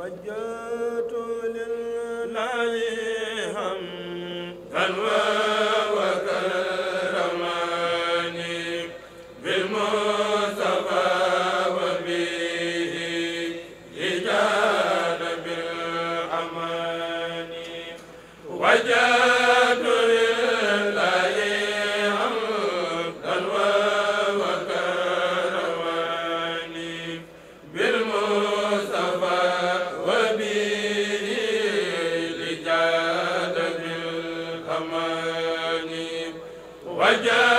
وجهت لله حمدا waja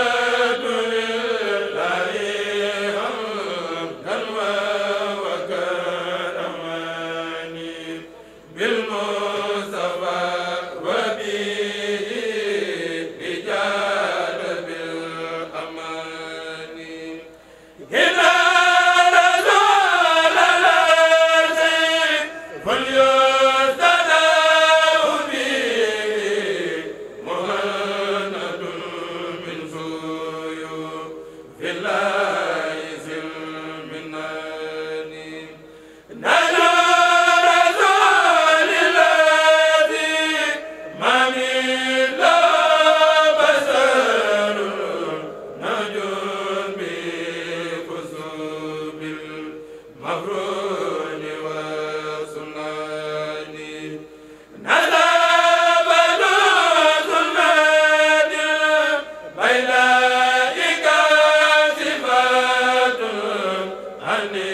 ne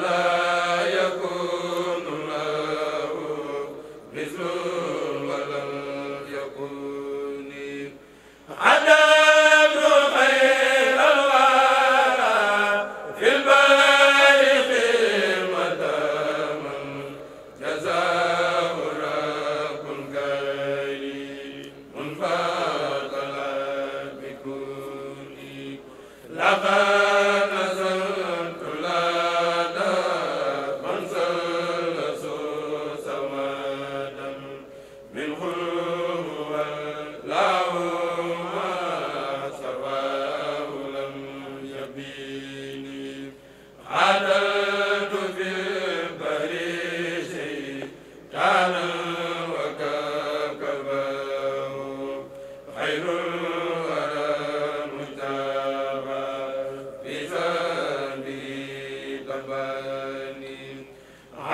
wala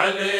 ale